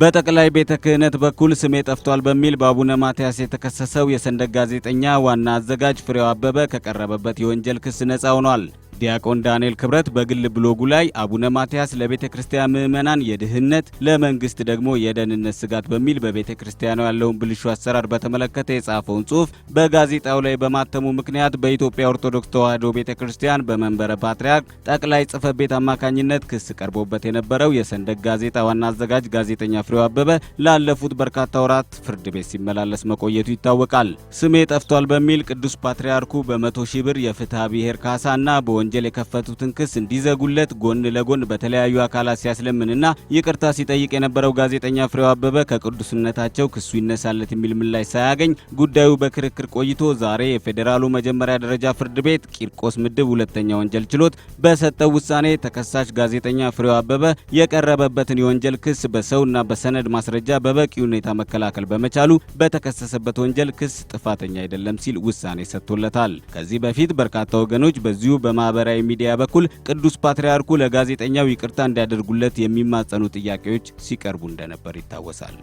በጠቅላይ ቤተ ክህነት በኩል ስሜ ጠፍቷል በሚል በአቡነ ማትያስ የተከሰሰው የሰንደቅ ጋዜጠኛ ዋና አዘጋጅ ፍሬው አበበ ከቀረበበት የወንጀል ክስ ነጻ ሆኗል። ዲያቆን ዳንኤል ክብረት በግል ብሎጉ ላይ አቡነ ማትያስ ለቤተ ክርስቲያን ምዕመናን የድህነት ለመንግስት ደግሞ የደህንነት ስጋት በሚል በቤተ ክርስቲያኗ ያለውን ብልሹ አሰራር በተመለከተ የጻፈውን ጽሑፍ በጋዜጣው ላይ በማተሙ ምክንያት በኢትዮጵያ ኦርቶዶክስ ተዋሕዶ ቤተ ክርስቲያን በመንበረ ፓትርያርክ ጠቅላይ ጽሕፈት ቤት አማካኝነት ክስ ቀርቦበት የነበረው የሰንደቅ ጋዜጣ ዋና አዘጋጅ ጋዜጠኛ ፍሬው አበበ ላለፉት በርካታ ወራት ፍርድ ቤት ሲመላለስ መቆየቱ ይታወቃል። ስሜ ጠፍቷል በሚል ቅዱስ ፓትርያርኩ በመቶ ሺህ ብር የፍትሐ ብሔር ካሳ እና በወ ወንጀል የከፈቱትን ክስ እንዲዘጉለት ጎን ለጎን በተለያዩ አካላት ሲያስለምንና ይቅርታ ሲጠይቅ የነበረው ጋዜጠኛ ፍሬው አበበ ከቅዱስነታቸው ክሱ ይነሳለት የሚል ምላሽ ሳያገኝ ጉዳዩ በክርክር ቆይቶ ዛሬ የፌዴራሉ መጀመሪያ ደረጃ ፍርድ ቤት ቂርቆስ ምድብ ሁለተኛ ወንጀል ችሎት በሰጠው ውሳኔ ተከሳሽ ጋዜጠኛ ፍሬው አበበ የቀረበበትን የወንጀል ክስ በሰውና በሰነድ ማስረጃ በበቂ ሁኔታ መከላከል በመቻሉ በተከሰሰበት ወንጀል ክስ ጥፋተኛ አይደለም ሲል ውሳኔ ሰጥቶለታል። ከዚህ በፊት በርካታ ወገኖች በዚሁ በማበ ማህበራዊ ሚዲያ በኩል ቅዱስ ፓትርያርኩ ለጋዜጠኛው ይቅርታ እንዲያደርጉለት የሚማጸኑ ጥያቄዎች ሲቀርቡ እንደነበር ይታወሳል።